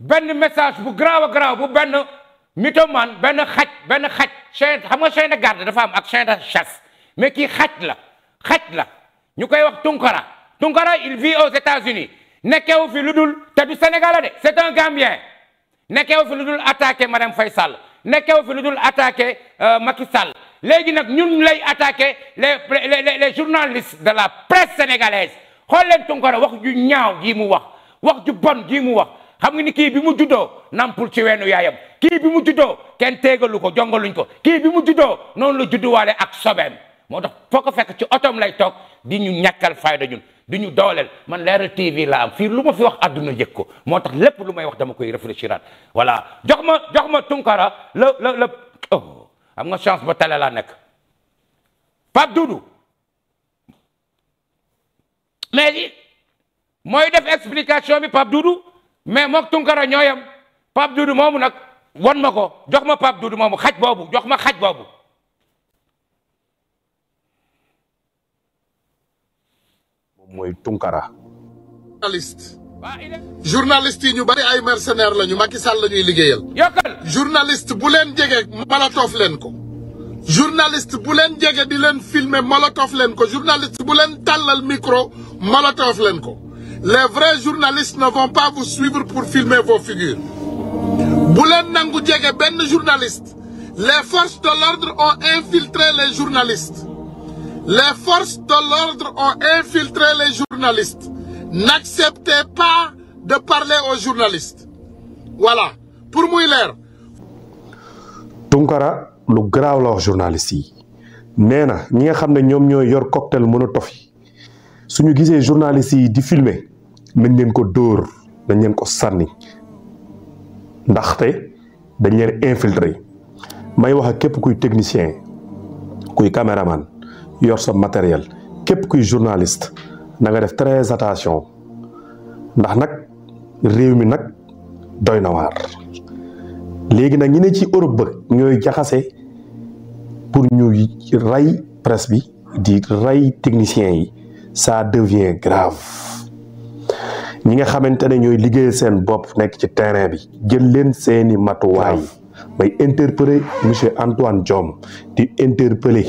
benn message bu garaaw a garaaw bu benn mythomane benn xaj benn xaj chien xam nga chien de garde dafa am ak chien de chasse mais kii xaj la xaj la ñu koy wax Tunkara Tunkara il vit aux États-Unis nekkeewu fi lu dul te du Sénégalais de c'est un Gambien nekkeewu fi lu dul attaqué madame Faye Sall nekkeewu fi lu dul attaqué euh, Macky Sall léegi nag ñu lay attaqué les les journalistes de la presse sénégalaise xool leen Tunkara wax ju ñaaw ji mu wax wax ju bon ji mu wax xam nga ni kii bi mu juddoo nampul ci weenu yaayam kii bi mu juddoo kenn teegalu ko jongaluñ ko kii bi mu noonu la judduwaale ak sobeem moo tax foo ko fekk ci otoom lay toog di ñu ñàkkal fayda ñun di ñu dooleel man Leral TV la am fii lu ma fi wax àdduna yëg ko moo tax lépp lu may wax dama koy réfléchiraat voilà jox ma jox ma Tunkara la la la oh am nga chance ba tale laa nekk Pape Doudou mais mooy def explication bi Pape Doudou mais mook Tunkara ñooyam Pape Doudou moomu nag won ma ko jox ma Pape Doudou moomu xaj boobu jox ma xaj boobu mooy Tunkara journaliste journaliste yi ñu bari ay mercenaire lañu ñu Sall la ñuy liggéeyal yokkal journaliste bu leen jege molotov leen ko journaliste bu leen jege di leen filmer molotov leen ko journaliste bu leen tàllal micro molotov leen ko les vrais journalistes ne vont pas vous suivre pour filmer vos figures bu leen nangu jege benn journaliste les forces de l'ordre ont infiltré les journalistes les forces de l'ordre ont infiltré les journalistes n'acceptez pas de parler aux journalistes voilà pour muy leer Tounkara lu garaaw la wax yi nee na ñi nga xam ne ñoom ñooy yor cocktail Molotov yi su ñu gisee journalistes yi di filmer nañ leen ko dóor nañ leen ko sànni ndaxte dañ leen infiltrer may wax ak képp kuy technicien kuy caméraman yor sa matériel képp kuy journaliste na nga def très attention ndax nag réew mi nag doy na waar léegi nag ñi ne ci Europe ba ñooy jaxase pour ñu ray presse bi di rey techniciens yi ça devient grave ñi nga xamante ne ñooy liggéey seen bopp nekk ci terrain bi jël leen seeni matuwaay may interpeller monsieur Antoine Diome di interpeller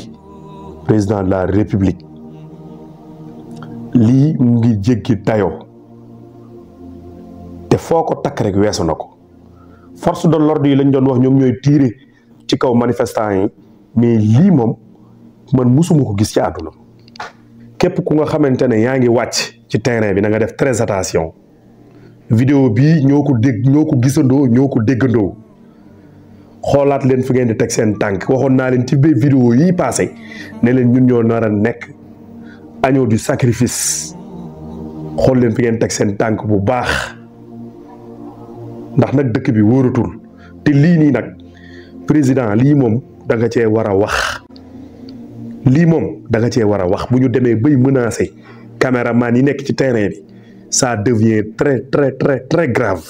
président de la république lii mu ngi jéggi dayoo te foo ko takk rek weesu na ko force de l'ordre yi lañ doon wax ñoom ñooy tiire ci kaw manifestants yi mais lii moom man musuma ko gis ci àdduna képp ku nga xamante ne yaa ngi wàcc ci terrain bi na def très attention vidéo bii ñoo ko dégg ñoo ko gisandoo ñoo ko déggandoo xoolaat leen fu ngeen di teg seen tànk waxoon naa leen ci biir vidéo yi passé ne leen ñun ñoo nar a nekk agneau du sacrifice xool leen fi ngeen teg seen tànk bu baax ndax nag dëkk bi wóoratul te lii nii nag président lii moom da nga cee war a wax lii moom danga cee war a wax bu ñu demee bay menacer caméraman yi nekk ci terrain bi ça devient très très très très grave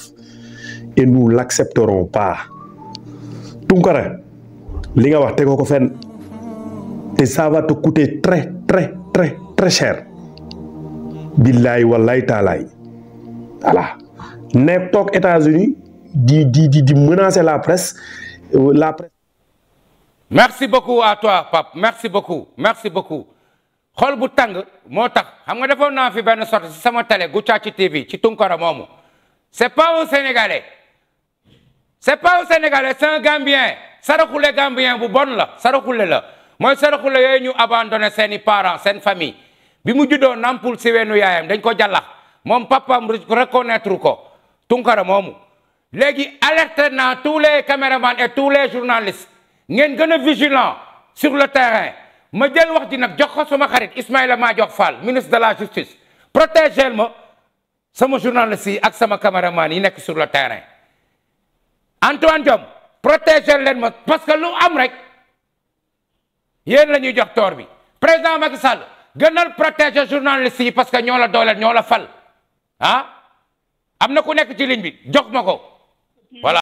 et nous l'accepterons pas Tunkara li nga wax tegoo ko fen te ça va te coûter très très très très cher billaay wallaay taalaay voilà ne toog États-Unis di di di di la presse euh, la presse merci beaucoup à toi Pape merci beaucoup merci beaucoup xool bu tàng moo tax xam nga defoon naa fi benn sorte ci sama télé Gouthia TV ci Tunkara moomu c'est pas un Sénégalais c'est pas un Sénégalais c'est Gambien saraxule Gambien bu bon la saraxule la mooy saraxule yooyu ñu abandonné seeni parents seen famille bi mu juddoo nampul si weenu yaayam dañ ko jàllax moom papaam reconnaître ko Tunkara moomu léegi alerté naa tous les caméramans et tous les journalistes ngeen gën a vigilant sur le terrain ma jël wax ji nag jox ko sama xarit Ismaïla jox Fall ministre de la justice protégel ma sama journaliste yi ak sama caméraman yi nekk sur le terrain Antoine Diome protégel leen ma parce que lu am rek yéen la ñuy jox toor bi président Macky Sall gënal protéger journaliste yi parce que ñoo la dooleel ñoo la fal ah am na ku nekk ci ligne bi jox ma ko voilà.